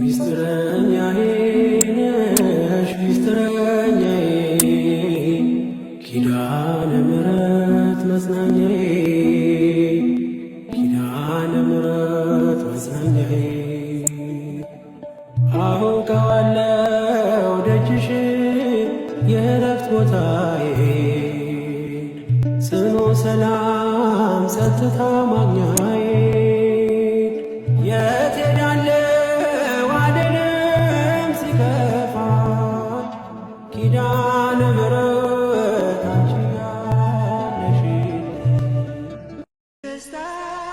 ሚስጥረኛዬ ነሽ ሚስጥረኛዬ ኪዳነ ምሕረት መጽናኛዬ ኪዳነ ምሕረት መጽናኛዬ አውቀዋለሁ የእረፍት ቦታዬ ጽኑ ሰላም ጸጥታ ማግኛዬ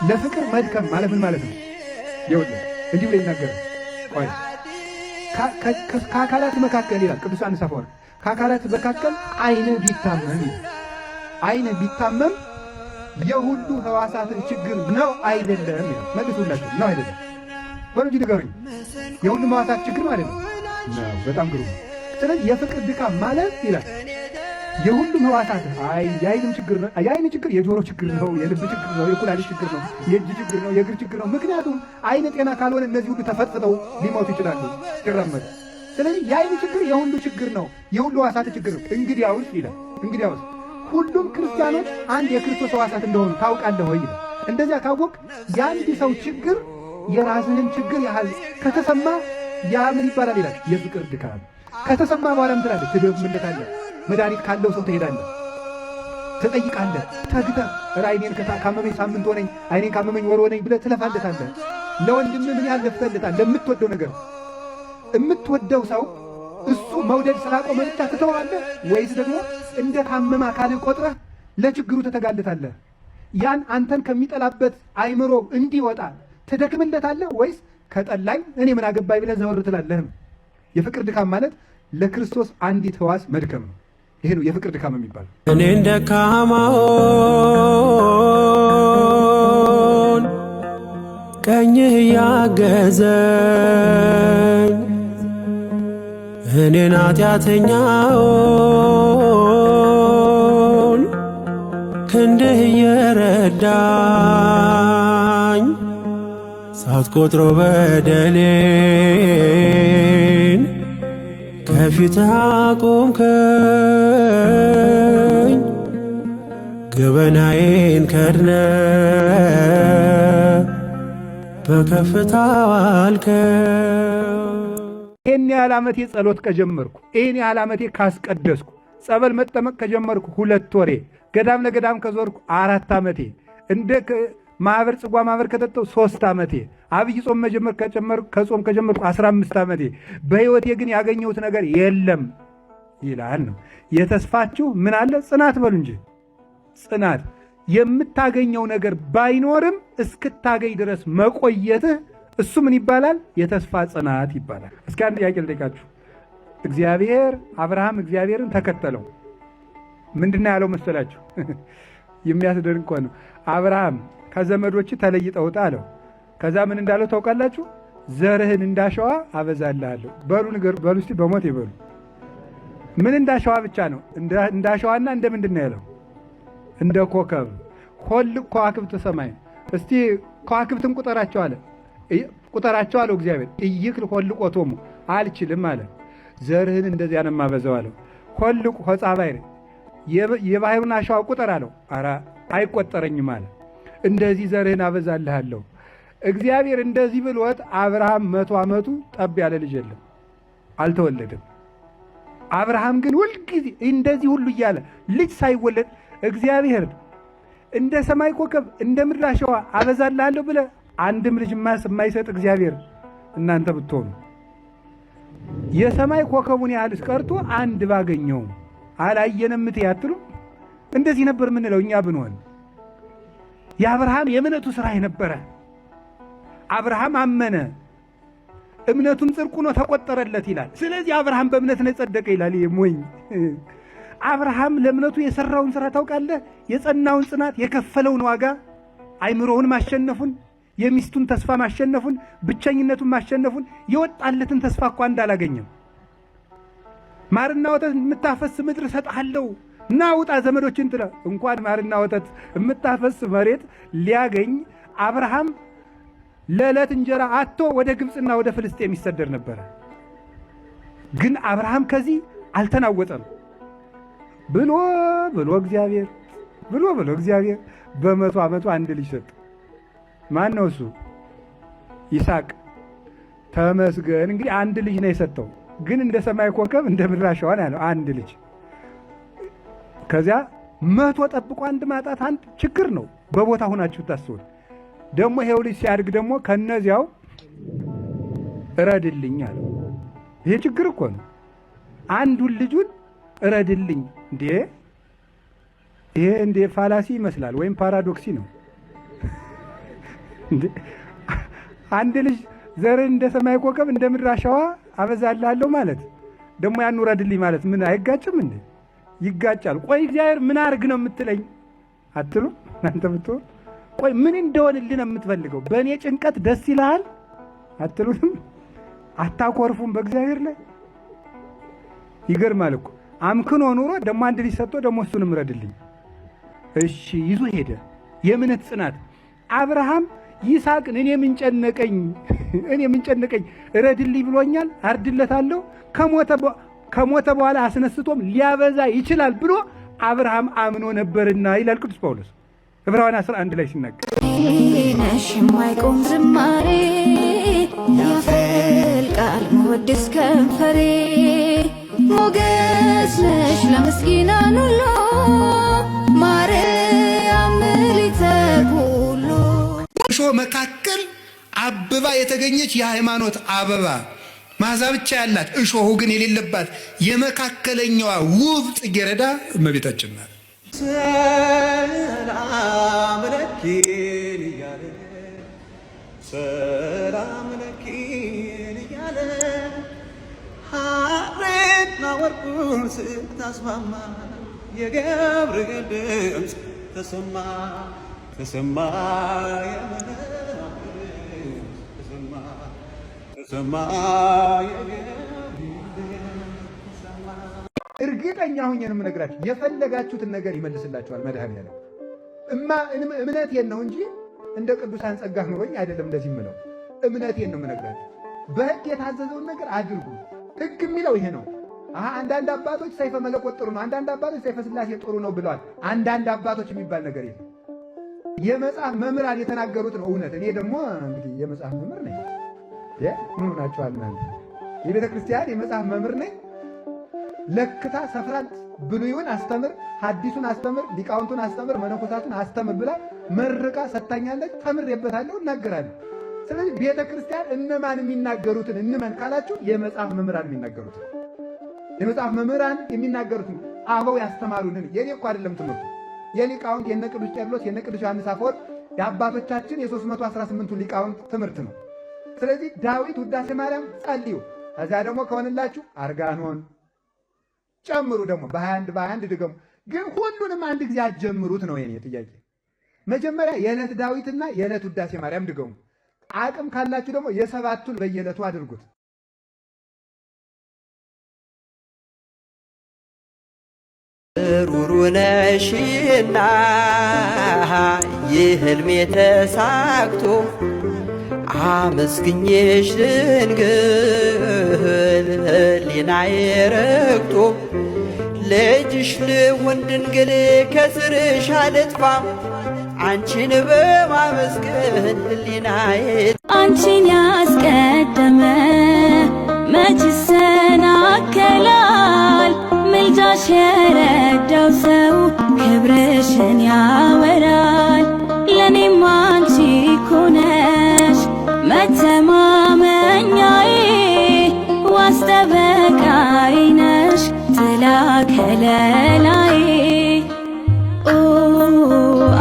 ለፍቅር መድከም ማለት ምን ማለት ነው? ይሁን እንዲህ ብሎ ይናገራል። ቆይ ከአካላት መካከል ይላል ቅዱስ ዮሐንስ አፈወርቅ ከአካላት መካከል ዓይን ቢታመም ዓይን ቢታመም የሁሉ ህዋሳትን ችግር ነው አይደለም? መልሱላቸው ነው አይደለም? ወንጂ ንገሩኝ። የሁሉም ህዋሳት ችግር ማለት ነው። በጣም ግሩ። ስለዚህ የፍቅር ድካም ማለት ይላል የሁሉም ህዋሳት አይ የአይንም ችግር ነው፣ የአይን ችግር የጆሮ ችግር ነው፣ የልብ ችግር ነው፣ የኩላሊት ችግር ነው፣ የእጅ ችግር ነው፣ የእግር ችግር ነው። ምክንያቱም አይን ጤና ካልሆነ እነዚህ ሁሉ ተፈጥጠው ሊሞቱ ይችላሉ ሲራመዱ። ስለዚህ የአይን ችግር የሁሉ ችግር ነው፣ የሁሉ ህዋሳት ችግር ነው። እንግዲያውስ ይላል እንግዲያውስ ሁሉም ክርስቲያኖች አንድ የክርስቶስ ህዋሳት እንደሆኑ ታውቃለህ ወይ እንደዚያ ካወቅ የአንድ ሰው ችግር የራስህን ችግር ያህል ከተሰማ ያ ምን ይባላል ይላል የፍቅር ድካም ከተሰማ በኋላ ምትላለህ ትደምለታለህ መድኃኒት ካለው ሰው ትሄዳለህ፣ ትጠይቃለህ፣ ተግተህ ኧረ አይኔን ካመመኝ ሳምንት ሆነኝ፣ አይኔን ካመመኝ ወር ሆነኝ ብለህ ትለፋለታለህ። ለወንድም ምን ያህል ለፍተለታል? ለምትወደው ነገር የምትወደው ሰው እሱ መውደድ ስላቆመ ብቻ ትተዋለህ ወይስ ደግሞ እንደ ታመመ አካልህ ቆጥረህ ለችግሩ ትተጋለታለህ? ያን አንተን ከሚጠላበት አይምሮ እንዲወጣ ትደክምለታለህ ወይስ ከጠላኝ እኔ ምን አገባኝ ብለህ ዘወር ትላለህም? የፍቅር ድካም ማለት ለክርስቶስ አንዲት ሕዋስ መድከም ነው። ይሄ ነው የፍቅር ድካም የሚባል። እኔን ደካማውን ቀኝህ ያገዘኝ፣ እኔን ኃጢአተኛውን ክንድህ የረዳኝ ሳትቆጥሮ በደሌ ከፊትህ አቆምከኝ ገበናዬን ከድነ በከፍታ ይህን ያህል ዓመቴ ጸሎት ከጀመርኩ ይህን ያህል ዓመቴ ካስቀደስኩ ጸበል መጠመቅ ከጀመርኩ ሁለት ወሬ ገዳም ለገዳም ከዞርኩ አራት ዓመቴ እንደ ማህበር ጽጓ ማህበር ከጠጣው ሶስት ዓመቴ አብይ ጾም መጀመር ከጨመር ከጾም ከጀመርኩ 15 አምስት ዓመቴ በሕይወቴ ግን ያገኘሁት ነገር የለም ይላል ነው የተስፋችሁ ምን አለ ጽናት በሉ እንጂ ጽናት የምታገኘው ነገር ባይኖርም እስክታገኝ ድረስ መቆየትህ እሱ ምን ይባላል የተስፋ ጽናት ይባላል እስኪ አንድ ጥያቄ ልጠይቃችሁ እግዚአብሔር አብርሃም እግዚአብሔርን ተከተለው ምንድን ነው ያለው መሰላችሁ የሚያስደንቅ ነው አብርሃም ከዘመዶች ተለይጠውጣ አለው። ከዛ ምን እንዳለው ታውቃላችሁ? ዘርህን እንዳሸዋ አበዛልሃለሁ። በሉ ንገሩ፣ በሉ እስቲ በሞት ይበሉ። ምን እንዳሸዋ ብቻ ነው? እንዳሸዋና እንደ ምንድን ነው ያለው? እንደ ኮከብ ሆል ከዋክብት ሰማይ። እስቲ ከዋክብትን ቁጠራቸው አለ፣ ቁጠራቸው አለው እግዚአብሔር። እይክል ሆልቆ አልችልም አለ። ዘርህን እንደዚያ ነው የማበዛው አለው። ሆልቁ ሆጻ ባይር የባህሩን አሸዋ ቁጠር አለው። ኧረ አይቆጠረኝም አለ። እንደዚህ ዘርህን አበዛልሃለሁ። እግዚአብሔር እንደዚህ ብሎት አብርሃም መቶ ዓመቱ ጠብ ያለ ልጅ የለም አልተወለደም። አብርሃም ግን ሁልጊዜ እንደዚህ ሁሉ እያለ ልጅ ሳይወለድ እግዚአብሔር እንደ ሰማይ ኮከብ እንደ ምድር አሸዋ አበዛልሃለሁ ብለ አንድም ልጅ የማይሰጥ እግዚአብሔር እናንተ ብትሆኑ የሰማይ ኮከቡን ያህልስ ቀርቶ አንድ ባገኘው አላየንም አትሉ? እንደዚህ ነበር ምንለው እኛ ብንሆን የአብርሃም የእምነቱ ሥራ የነበረ አብርሃም አመነ እምነቱም ጽድቁ ነው ተቆጠረለት ይላል። ስለዚህ አብርሃም በእምነት ነው የጸደቀ ይላል። ሞኝ አብርሃም ለእምነቱ የሠራውን ሥራ ታውቃለህ? የጸናውን ጽናት፣ የከፈለውን ዋጋ፣ አይምሮውን ማሸነፉን፣ የሚስቱን ተስፋ ማሸነፉን፣ ብቸኝነቱን ማሸነፉን፣ የወጣለትን ተስፋ እኳ እንዳላገኘም ማርና ወተት የምታፈስ ምድር እሰጥሃለሁ ና ውጣ ዘመዶችን ጥለ እንኳን ማርና ወተት የምታፈስ መሬት ሊያገኝ አብርሃም ለዕለት እንጀራ አቶ ወደ ግብፅና ወደ ፍልስጤም የሚሰደድ ነበረ። ግን አብርሃም ከዚህ አልተናወጠም። ብሎ ብሎ እግዚአብሔር ብሎ ብሎ እግዚአብሔር በመቶ ዓመቱ አንድ ልጅ ሰጥ። ማን ነው እሱ? ይስሐቅ። ተመስገን እንግዲህ አንድ ልጅ ነው የሰጠው። ግን እንደ ሰማይ ኮከብ እንደ ምድር አሸዋ ያለው አንድ ልጅ ከዚያ መቶ ጠብቆ አንድ ማጣት አንድ ችግር ነው። በቦታ ሁናችሁ ታስቡት። ደግሞ ይሄው ልጅ ሲያድግ ደግሞ ከነዚያው እረድልኝ አለ። ይሄ ችግር እኮ ነው። አንዱን ልጁን እረድልኝ እንዴ! ይሄ እንዴ ፋላሲ ይመስላል ወይም ፓራዶክሲ ነው። አንድ ልጅ ዘርን እንደ ሰማይ ኮከብ እንደ ምድር አሸዋ አበዛልሃለሁ ማለት ደግሞ ያን ውረድልኝ ማለት ምን አይጋጭም እንዴ? ይጋጫሉ። ቆይ እግዚአብሔር ምን አርግ ነው የምትለኝ አትሉ እናንተ ብትሆን ቆይ ምን እንደሆንልን የምትፈልገው በእኔ ጭንቀት ደስ ይልሃል አትሉትም? አታኮርፉም በእግዚአብሔር ላይ ይገርማል እኮ አምክኖ ኑሮ ደሞ አንድ ልጅ ሰጥቶ ደሞ እሱንም ረድልኝ እሺ ይዞ ሄደ የእምነት ጽናት አብርሃም ይስሐቅን እኔ ምንጨነቀኝ እኔ ምንጨነቀኝ ረድልኝ ብሎኛል አርድለታለሁ ከሞተ ከሞተ በኋላ አስነስቶም ሊያበዛ ይችላል ብሎ አብርሃም አምኖ ነበርና ይላል ቅዱስ ጳውሎስ ዕብራውያን 11 ላይ ሲናገር ነሽ የማይቆም ዝማሬ ያፈልቃል መወድስ ከንፈሬ ሞገስ ነሽ ለምስኪናን ሁሉ ማርያም ምልዕተ ኩሉ እሾህ መካከል አብባ የተገኘች የሃይማኖት አበባ ማዛ ብቻ ያላት እሾሁ ግን የሌለባት የመካከለኛዋ ውብ ጽጌረዳ እመቤታችን ናት። ሰላም ለኪ እያለ ሰላም ለኪ እያለ ስታስማማ የገብርኤል ድምፅ ተሰማ ተሰማ እርግጠኛ ነው የምነግራችሁ የፈለጋችሁትን ነገር ይመልስላችኋል መድኃኒዓለም። እምነቴን ነው እንጂ እንደ ቅዱሳን ጸጋ ኑሮኝ አይደለም እንደዚህ የምለው፣ እምነቴን ነው የምነግራችሁ። በሕግ የታዘዘውን ነገር አድርጉ። ሕግ የሚለው ይሄ ነው። አንዳንድ አባቶች ሰይፈ መለኮት ጥሩ ነው፣ አንዳንድ አባቶች ሰይፈ ስላሴ ጥሩ ነው ብለዋል። አንዳንድ አባቶች የሚባል ነገር የለም። የመጽሐፍ መምህራን የተናገሩትን እውነት እኔ ደግሞ እንግዲህ የመጽሐፍ መምህር ነኝ ምን ሆናችኋል እናንተ? የቤተ ክርስቲያን የመጽሐፍ መምህር ነኝ። ለክታ ሰፍራንት ብሉይውን አስተምር፣ ሐዲሱን አስተምር፣ ሊቃውንቱን አስተምር፣ መነኮሳቱን አስተምር ብላ መርቃ ሰታኛለች። ተምሬበታለሁ፣ እናገራለሁ። ስለዚህ ቤተ ክርስቲያን እነማን የሚናገሩትን እንመን ካላችሁ የመጽሐፍ መምህራን የሚናገሩትን የመጽሐፍ መምህራን የሚናገሩትን አበው ያስተማሩንን የኔ እኮ አይደለም ትምህርቱ የሊቃውንት የነ ቅዱስ ቄርሎስ የነ ቅዱስ ዮሐንስ አፈወርቅ የአባቶቻችን የ318ቱ ሊቃውንት ትምህርት ነው። ስለዚህ ዳዊት ውዳሴ ማርያም ጸልዩ። ከዚያ ደግሞ ከሆንላችሁ አርጋኖን ጨምሩ። ደግሞ በአንድ በአንድ ድገሙ። ግን ሁሉንም አንድ ጊዜ አጀምሩት ነው የኔ ጥያቄ። መጀመሪያ የዕለት ዳዊትና የዕለት ውዳሴ ማርያም ድገሙ። አቅም ካላችሁ ደግሞ የሰባቱን በየዕለቱ አድርጉት። ሩሩ ነሽና ይህ ህልሜ ተሳክቶ አመስግኜሽ ድንግል ሕሊናዬ ረግቶ ልጅሽ ልሁን ድንግል ከስርሽ አልጥፋ አንቺን በማመስገን ሕሊናዬ አንቺን ያስቀደመ መች ይሰናከላል? ምልጃሽ የረዳው ሰው ክብርሽን ያወራል። ከለላዬ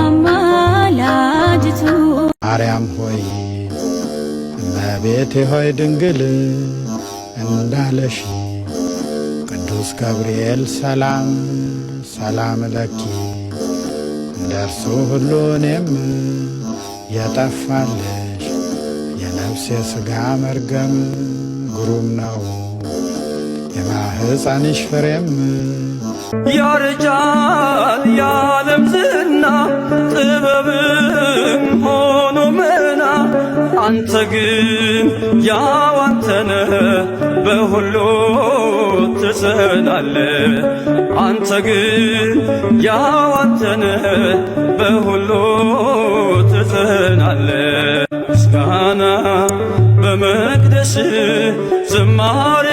አማላጅቱ ማርያም ሆይ እመቤቴ ሆይ ድንግል እንዳለሽ ቅዱስ ገብርኤል ሰላም ሰላም ለኪ እንደርሱ ሁሉ እኔም የጠፋለሽ የነፍሴ ሥጋ መርገም ግሩም ነው። ሕፃንሽ ፍሬም ያረጃል የዓለም ዝና ጥበብም ሆኖ ምና አንተ ግን ያው አንተነ በሁሉ ትጸናለ አንተ ግን ያው አንተነ በሁሉ ትጸናለ ምስጋና በመቅደስ ዝማሬ